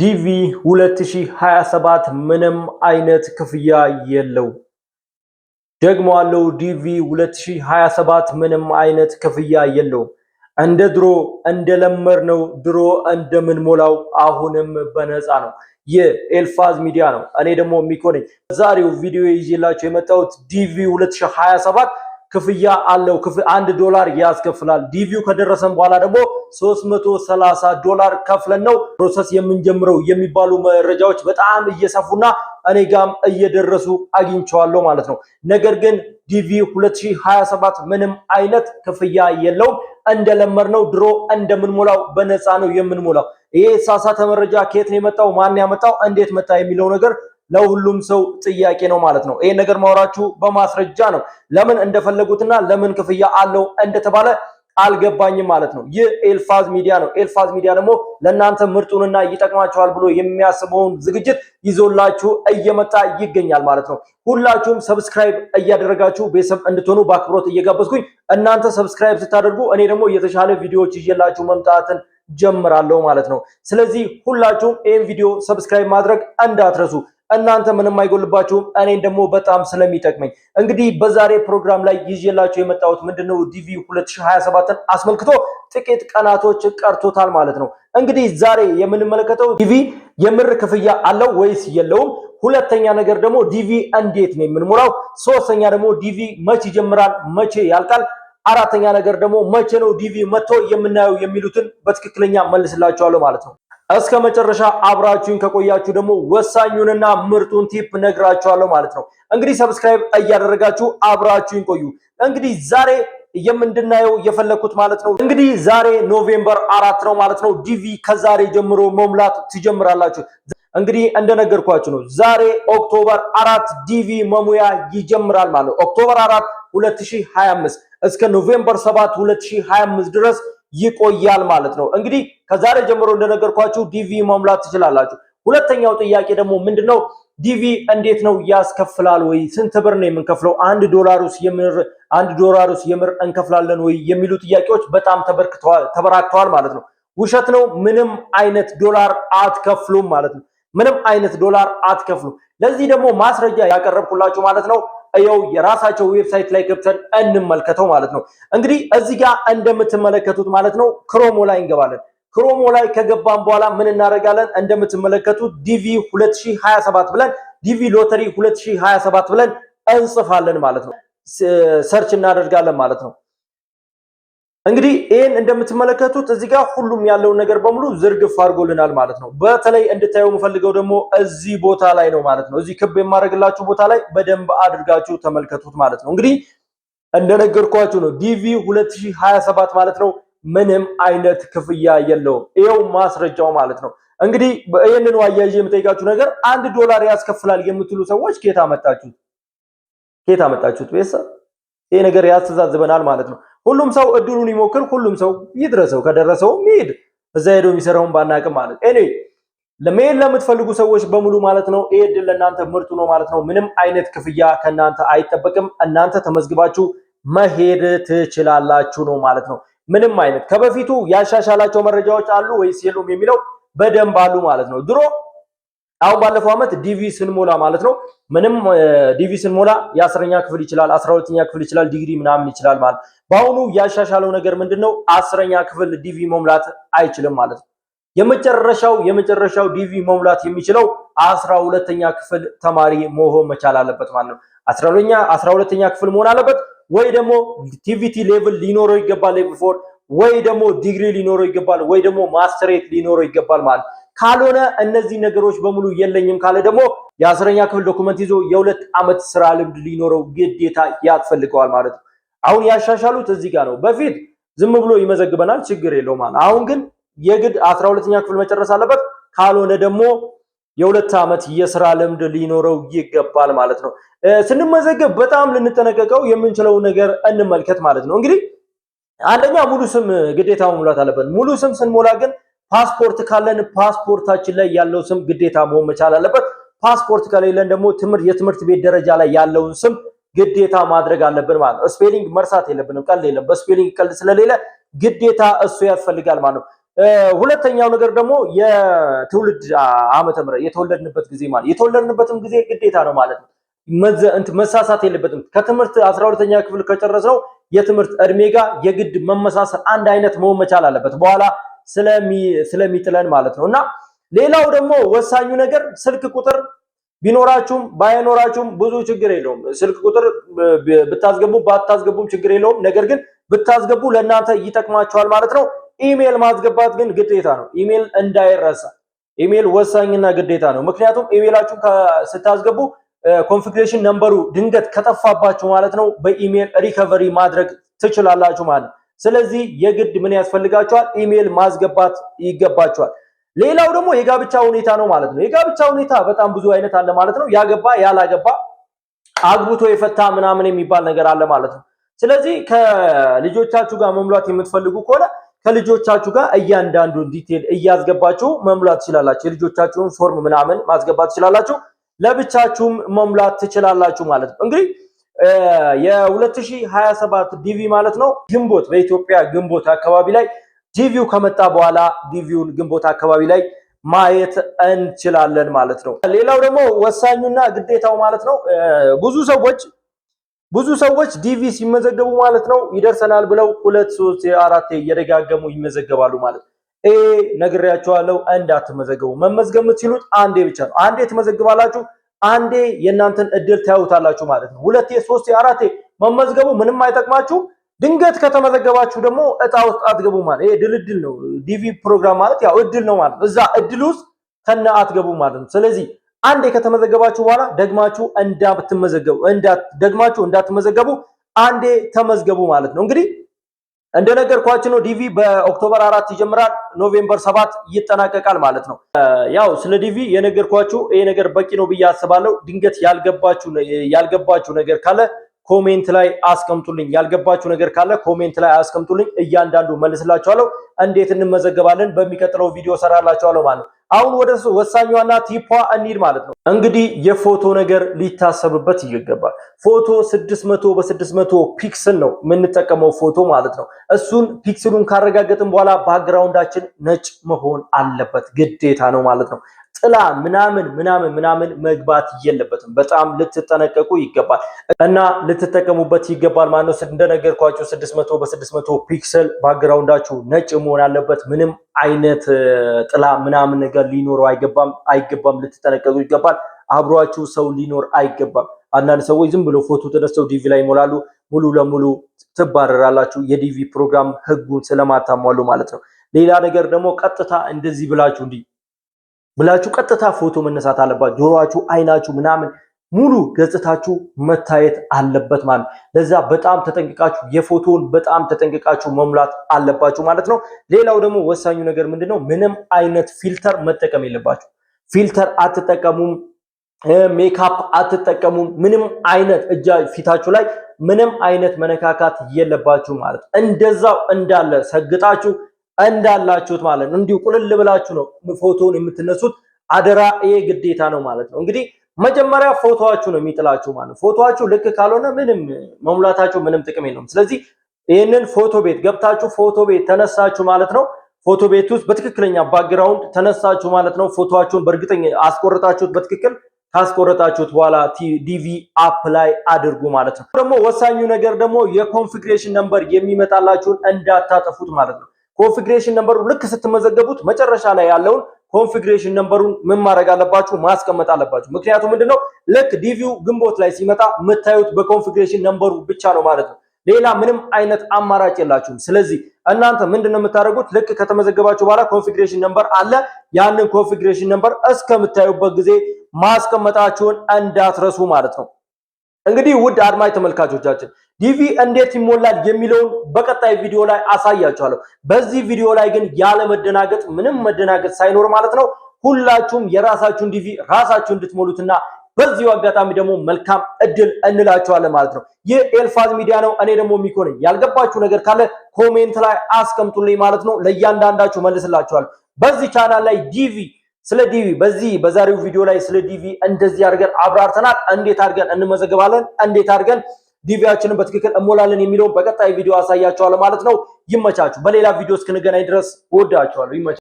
ዲቪ 2027 ምንም አይነት ክፍያ የለው። ደግሞ አለው ዲቪ 2027 ምንም አይነት ክፍያ የለው። እንደ ድሮ እንደለመር ነው ድሮ እንደምንሞላው አሁንም በነፃ ነው። የኤልፋዝ ሚዲያ ነው። እኔ ደግሞ ሚኮ ነኝ። ቪዲዮ ይዤላቸው የመጣሁት ዲቪ 2027 ክፍያ አለው። አንድ ዶላር ያስከፍላል። ዲቪው ከደረሰን በኋላ ደግሞ 330 ዶላር ከፍለን ነው ፕሮሰስ የምንጀምረው የሚባሉ መረጃዎች በጣም እየሰፉና እኔ ጋም እየደረሱ አግኝቸዋለሁ ማለት ነው። ነገር ግን ዲቪ 2027 ምንም አይነት ክፍያ የለውም። ነው ድሮ እንደምንሞላው በነፃ ነው የምንሞላው። ይሄ ሳሳተ መረጃ ከየት ነው የመጣው? ማን ያመጣው? እንዴት መጣ? የሚለው ነገር ለሁሉም ሰው ጥያቄ ነው ማለት ነው። ይሄ ነገር ማውራችሁ በማስረጃ ነው። ለምን እንደፈለጉትና ለምን ክፍያ አለው እንደተባለ አልገባኝም ማለት ነው። ይህ ኤልፋዝ ሚዲያ ነው። ኤልፋዝ ሚዲያ ደግሞ ለእናንተ ምርጡንና ይጠቅማችኋል ብሎ የሚያስበውን ዝግጅት ይዞላችሁ እየመጣ ይገኛል ማለት ነው። ሁላችሁም ሰብስክራይብ እያደረጋችሁ ቤተሰብ እንድትሆኑ በአክብሮት እየጋበዝኩኝ እናንተ ሰብስክራይብ ስታደርጉ እኔ ደግሞ የተሻለ ቪዲዮዎች ይዤላችሁ መምጣትን ጀምራለሁ ማለት ነው። ስለዚህ ሁላችሁም ይህን ቪዲዮ ሰብስክራይብ ማድረግ እንዳትረሱ። እናንተ ምንም አይጎልባችሁም፣ እኔን ደግሞ በጣም ስለሚጠቅመኝ እንግዲህ በዛሬ ፕሮግራም ላይ ይዤላቸው የመጣሁት ምንድነው ዲቪ 2027ን አስመልክቶ ጥቂት ቀናቶች ቀርቶታል ማለት ነው። እንግዲህ ዛሬ የምንመለከተው ዲቪ የምር ክፍያ አለው ወይስ የለውም? ሁለተኛ ነገር ደግሞ ዲቪ እንዴት ነው የምንሞላው? ሶስተኛ ደግሞ ዲቪ መቼ ይጀምራል? መቼ ያልቃል? አራተኛ ነገር ደግሞ መቼ ነው ዲቪ መጥቶ የምናየው የሚሉትን በትክክለኛ መልስላችኋለሁ ማለት ነው። እስከ መጨረሻ አብራችሁን ከቆያችሁ ደግሞ ወሳኙንና ምርጡን ቲፕ ነግራችኋለሁ ማለት ነው። እንግዲህ ሰብስክራይብ እያደረጋችሁ አብራችሁን ቆዩ። እንግዲህ ዛሬ የምንድናየው የፈለግኩት ማለት ነው እንግዲህ ዛሬ ኖቬምበር አራት ነው ማለት ነው። ዲቪ ከዛሬ ጀምሮ መሙላት ትጀምራላችሁ። እንግዲህ እንደነገርኳችሁ ነው ዛሬ ኦክቶበር አራት ዲቪ መሙያ ይጀምራል ማለት ነው። ኦክቶበር አራት 2025 እስከ ኖቬምበር 7 2025 ድረስ ይቆያል ማለት ነው። እንግዲህ ከዛሬ ጀምሮ እንደነገርኳችሁ ዲቪ መሙላት ትችላላችሁ። ሁለተኛው ጥያቄ ደግሞ ምንድነው? ዲቪ እንዴት ነው ያስከፍላል ወይ? ስንት ብር ነው የምንከፍለው? አንድ ዶላሩስ የምር አንድ ዶላሩስ የምር እንከፍላለን ወይ የሚሉ ጥያቄዎች በጣም ተበራክተዋል ማለት ነው። ውሸት ነው። ምንም አይነት ዶላር አትከፍሉም ማለት ነው። ምንም አይነት ዶላር አትከፍሉም። ለዚህ ደግሞ ማስረጃ ያቀረብኩላችሁ ማለት ነው ያው የራሳቸው ዌብሳይት ላይ ገብተን እንመልከተው ማለት ነው። እንግዲህ እዚህ ጋር እንደምትመለከቱት ማለት ነው ክሮሞ ላይ እንገባለን። ክሮሞ ላይ ከገባን በኋላ ምን እናደርጋለን? እንደምትመለከቱት ዲቪ 2027 ብለን ዲቪ ሎተሪ 2027 ብለን እንጽፋለን ማለት ነው። ሰርች እናደርጋለን ማለት ነው። እንግዲህ ይህን እንደምትመለከቱት እዚህ ጋር ሁሉም ያለውን ነገር በሙሉ ዝርግፍ አድርጎልናል ማለት ነው። በተለይ እንድታየው የምፈልገው ደግሞ እዚህ ቦታ ላይ ነው ማለት ነው። እዚህ ክብ የማደርግላችሁ ቦታ ላይ በደንብ አድርጋችሁ ተመልከቱት ማለት ነው። እንግዲህ እንደነገርኳችሁ ነው ዲቪ 2027 ማለት ነው ምንም አይነት ክፍያ የለውም። ይኸው ማስረጃው ማለት ነው። እንግዲህ ይህንን አያይዤ የምጠይቃችሁ ነገር አንድ ዶላር ያስከፍላል የምትሉ ሰዎች ኬታ መጣችሁት ኬታ መጣችሁት ቤተሰብ ይሄ ነገር ያስተዛዝበናል ማለት ነው። ሁሉም ሰው እድሉን ይሞክር፣ ሁሉም ሰው ይድረሰው፣ ከደረሰው ይሄድ፣ እዛ ሄዶ የሚሰራውን ባናቅም ማለት ኤኒ ለመሄድ ለምትፈልጉ ሰዎች በሙሉ ማለት ነው። ይሄ እድል ለእናንተ ምርጡ ነው ማለት ነው። ምንም አይነት ክፍያ ከእናንተ አይጠበቅም። እናንተ ተመዝግባችሁ መሄድ ትችላላችሁ ነው ማለት ነው። ምንም አይነት ከበፊቱ ያሻሻላቸው መረጃዎች አሉ ወይስ የሉም የሚለው በደንብ አሉ ማለት ነው ድሮ አሁን ባለፈው ዓመት ዲቪ ስንሞላ ማለት ነው ምንም ዲቪ ስንሞላ የአስረኛ ክፍል ይችላል፣ አስራ ሁለተኛ ክፍል ይችላል፣ ዲግሪ ምናምን ይችላል ማለት። በአሁኑ ያሻሻለው ነገር ምንድን ነው? አስረኛ ክፍል ዲቪ መሙላት አይችልም ማለት ነው። የመጨረሻው የመጨረሻው ዲቪ መሙላት የሚችለው አስራ ሁለተኛ ክፍል ተማሪ መሆን መቻል አለበት ማለት ነው። አስራ ሁለተኛ ክፍል መሆን አለበት ወይ ደግሞ ቲቪቲ ሌቭል ሊኖረው ይገባል ሌቭል ፎር ወይ ደግሞ ዲግሪ ሊኖረው ይገባል ወይ ደግሞ ማስተሬት ሊኖረው ይገባል ማለት ነው። ካልሆነ እነዚህ ነገሮች በሙሉ የለኝም ካለ ደግሞ የአስረኛ ክፍል ዶኩመንት ይዞ የሁለት ዓመት ስራ ልምድ ሊኖረው ግዴታ ያስፈልገዋል ማለት ነው። አሁን ያሻሻሉት እዚህ ጋር ነው። በፊት ዝም ብሎ ይመዘግበናል፣ ችግር የለውም። አሁን ግን የግድ አስራ ሁለተኛ ክፍል መጨረስ አለበት። ካልሆነ ደግሞ የሁለት ዓመት የስራ ልምድ ሊኖረው ይገባል ማለት ነው። ስንመዘገብ በጣም ልንጠነቀቀው የምንችለው ነገር እንመልከት ማለት ነው። እንግዲህ አንደኛ ሙሉ ስም ግዴታ መሙላት አለበት። ሙሉ ስም ስንሞላ ግን ፓስፖርት ካለን ፓስፖርታችን ላይ ያለው ስም ግዴታ መሆን መቻል አለበት። ፓስፖርት ከሌለን ደግሞ ትምህርት የትምህርት ቤት ደረጃ ላይ ያለውን ስም ግዴታ ማድረግ አለብን ማለት ነው። ስፔሊንግ መርሳት የለብንም። ቀልድ የለም። በስፔሊንግ ቀልድ ስለሌለ ግዴታ እሱ ያስፈልጋል ማለት ነው። ሁለተኛው ነገር ደግሞ የትውልድ ዓመተ ምህረት የተወለድንበት ጊዜ ማለት የተወለድንበትም ጊዜ ግዴታ ነው ማለት ነው። መሳሳት የለበትም። ከትምህርት አስራ ሁለተኛ ክፍል ከጨረስነው የትምህርት እድሜ ጋር የግድ መመሳሰል አንድ አይነት መሆን መቻል አለበት በኋላ ስለሚጥለን ማለት ነው እና ሌላው ደግሞ ወሳኙ ነገር ስልክ ቁጥር ቢኖራችሁም ባይኖራችሁም ብዙ ችግር የለውም። ስልክ ቁጥር ብታስገቡ ባታስገቡም ችግር የለውም። ነገር ግን ብታስገቡ ለእናንተ ይጠቅማቸዋል ማለት ነው። ኢሜል ማስገባት ግን ግዴታ ነው። ኢሜል እንዳይረሳ። ኢሜል ወሳኝና ግዴታ ነው። ምክንያቱም ኢሜላችሁ ስታስገቡ ኮንፊግሬሽን ነምበሩ ድንገት ከጠፋባችሁ ማለት ነው በኢሜል ሪከቨሪ ማድረግ ትችላላችሁ ማለት ነው። ስለዚህ የግድ ምን ያስፈልጋቸዋል? ኢሜይል ማስገባት ይገባቸዋል። ሌላው ደግሞ የጋብቻ ሁኔታ ነው ማለት ነው። የጋብቻ ሁኔታ በጣም ብዙ አይነት አለ ማለት ነው። ያገባ፣ ያላገባ፣ አግብቶ የፈታ ምናምን የሚባል ነገር አለ ማለት ነው። ስለዚህ ከልጆቻችሁ ጋር መሙላት የምትፈልጉ ከሆነ ከልጆቻችሁ ጋር እያንዳንዱን ዲቴል እያስገባችሁ መሙላት ትችላላችሁ። የልጆቻችሁን ፎርም ምናምን ማስገባት ትችላላችሁ። ለብቻችሁም መሙላት ትችላላችሁ ማለት ነው እንግዲህ የ2027 ዲቪ ማለት ነው ግንቦት በኢትዮጵያ ግንቦት አካባቢ ላይ ዲቪው ከመጣ በኋላ ዲቪውን ግንቦት አካባቢ ላይ ማየት እንችላለን ማለት ነው። ሌላው ደግሞ ወሳኙና ግዴታው ማለት ነው ብዙ ሰዎች ብዙ ሰዎች ዲቪ ሲመዘገቡ ማለት ነው ይደርሰናል ብለው ሁለት ሶስት አራት እየደጋገሙ ይመዘገባሉ ማለት ነው። ይሄ ነግሬያቸዋለሁ፣ እንዳትመዘገቡ መመዝገብ የምትችሉት አንዴ ብቻ ነው። አንዴ ትመዘግባላችሁ አንዴ የእናንተን እድል ታዩታላችሁ ማለት ነው። ሁለቴ፣ ሶስቴ፣ አራቴ መመዝገቡ ምንም አይጠቅማችሁ። ድንገት ከተመዘገባችሁ ደግሞ እጣ ውስጥ አትገቡ ማለት ይሄ ድልድል ነው። ዲቪ ፕሮግራም ማለት ያው እድል ነው ማለት ነው። እዛ እድል ውስጥ ከነ አትገቡ ማለት ነው። ስለዚህ አንዴ ከተመዘገባችሁ በኋላ ደግማችሁ እንዳትመዘገቡ ደግማችሁ እንዳትመዘገቡ አንዴ ተመዝገቡ ማለት ነው እንግዲህ እንደነገርኳችሁ ነው። ዲቪ በኦክቶበር አራት ይጀምራል፣ ኖቬምበር ሰባት ይጠናቀቃል ማለት ነው። ያው ስለ ዲቪ የነገርኳችሁ ይሄ ነገር በቂ ነው ብዬ አስባለሁ። ድንገት ያልገባችሁ ነገር ካለ ኮሜንት ላይ አስቀምጡልኝ። ያልገባችሁ ነገር ካለ ኮሜንት ላይ አስቀምጡልኝ። እያንዳንዱ መልስላችኋለሁ። እንዴት እንመዘገባለን በሚቀጥለው ቪዲዮ ሰራላችኋለሁ ማለት ነው። አሁን ወደ ወሳኛዋና ቲፖዋ እንሂድ ማለት ነው። እንግዲህ የፎቶ ነገር ሊታሰብበት ይገባል። ፎቶ 600 በ600 ፒክስል ነው የምንጠቀመው ፎቶ ማለት ነው። እሱን ፒክስሉን ካረጋገጥን በኋላ ባክግራውንዳችን ነጭ መሆን አለበት ግዴታ ነው ማለት ነው። ጥላ ምናምን ምናምን ምናምን መግባት የለበትም። በጣም ልትጠነቀቁ ይገባል እና ልትጠቀሙበት ይገባል ማለት ነው። እንደነገርኳችሁ ስድስት መቶ በስድስት መቶ ፒክሰል ባግራውንዳችሁ ነጭ መሆን አለበት። ምንም አይነት ጥላ ምናምን ነገር ሊኖረው አይገባም አይገባም። ልትጠነቀቁ ይገባል። አብሯችሁ ሰው ሊኖር አይገባም። አንዳንድ ሰዎች ዝም ብሎ ፎቶ ተነስተው ዲቪ ላይ ይሞላሉ። ሙሉ ለሙሉ ትባረራላችሁ። የዲቪ ፕሮግራም ህጉን ስለማታሟሉ ማለት ነው። ሌላ ነገር ደግሞ ቀጥታ እንደዚህ ብላችሁ እንዲህ ብላችሁ ቀጥታ ፎቶ መነሳት አለባት። ጆሮአችሁ፣ አይናችሁ ምናምን ሙሉ ገጽታችሁ መታየት አለበት ማለት ነው። ለዛ በጣም ተጠንቅቃችሁ የፎቶውን በጣም ተጠንቅቃችሁ መሙላት አለባችሁ ማለት ነው። ሌላው ደግሞ ወሳኙ ነገር ምንድነው? ምንም አይነት ፊልተር መጠቀም የለባችሁ። ፊልተር አትጠቀሙም፣ ሜካፕ አትጠቀሙም። ምንም አይነት እጃ ፊታችሁ ላይ ምንም አይነት መነካካት የለባችሁ ማለት ነው። እንደዛው እንዳለ ሰግጣችሁ እንዳላችሁት ማለት ነው። እንዲሁ ቁልል ብላችሁ ነው ፎቶውን የምትነሱት። አደራ ይሄ ግዴታ ነው ማለት ነው። እንግዲህ መጀመሪያ ፎቶዋችሁ ነው የሚጥላችሁ ማለት ነው። ፎቶዋችሁ ልክ ካልሆነ ምንም መሙላታችሁ ምንም ጥቅም የለውም። ስለዚህ ይህንን ፎቶ ቤት ገብታችሁ ፎቶ ቤት ተነሳችሁ ማለት ነው። ፎቶ ቤት ውስጥ በትክክለኛ ባክግራውንድ ተነሳችሁ ማለት ነው። ፎቶዋችሁን በእርግጠኛ አስቆረጣችሁት በትክክል ካስቆረጣችሁት በኋላ ዲቪ አፕ ላይ አድርጉ ማለት ነው። ደግሞ ወሳኙ ነገር ደግሞ የኮንፊግሬሽን ነምበር የሚመጣላችሁን እንዳታጠፉት ማለት ነው። ኮንፊግሬሽን ነምበሩ ልክ ስትመዘገቡት መጨረሻ ላይ ያለውን ኮንፊግሬሽን ነምበሩን ምን ማድረግ አለባችሁ? ማስቀመጥ አለባችሁ። ምክንያቱም ምንድነው ልክ ዲቪው ግንቦት ላይ ሲመጣ የምታዩት በኮንፊግሬሽን ነምበሩ ብቻ ነው ማለት ነው። ሌላ ምንም አይነት አማራጭ የላችሁም። ስለዚህ እናንተ ምንድነው የምታደርጉት? ልክ ከተመዘገባችሁ በኋላ ኮንፊግሬሽን ነምበር አለ። ያንን ኮንፊግሬሽን ነምበር እስከምታዩበት ጊዜ ማስቀመጣችሁን እንዳትረሱ ማለት ነው። እንግዲህ ውድ አድማጭ ተመልካቾቻችን ዲቪ እንዴት ይሞላል የሚለውን በቀጣይ ቪዲዮ ላይ አሳያችኋለሁ። በዚህ ቪዲዮ ላይ ግን ያለ መደናገጥ፣ ምንም መደናገጥ ሳይኖር ማለት ነው ሁላችሁም የራሳችሁን ዲቪ ራሳችሁ እንድትሞሉትና በዚሁ አጋጣሚ ደግሞ መልካም እድል እንላችኋለን ማለት ነው። ይህ ኤልፋዝ ሚዲያ ነው። እኔ ደግሞ የሚኮነኝ ያልገባችሁ ነገር ካለ ኮሜንት ላይ አስቀምጡልኝ ማለት ነው። ለእያንዳንዳችሁ መልስላችኋለሁ። በዚህ ቻናል ላይ ዲቪ ስለ ዲቪ በዚህ በዛሬው ቪዲዮ ላይ ስለ ዲቪ እንደዚህ አድርገን አብራርተናል። እንዴት አድርገን እንመዘግባለን፣ እንዴት አድርገን ዲቪያችንን በትክክል እሞላለን የሚለውን በቀጣይ ቪዲዮ አሳያቸዋለ ማለት ነው። ይመቻችሁ። በሌላ ቪዲዮ እስክንገናኝ ድረስ እወዳችኋለሁ። ይመቻችሁ።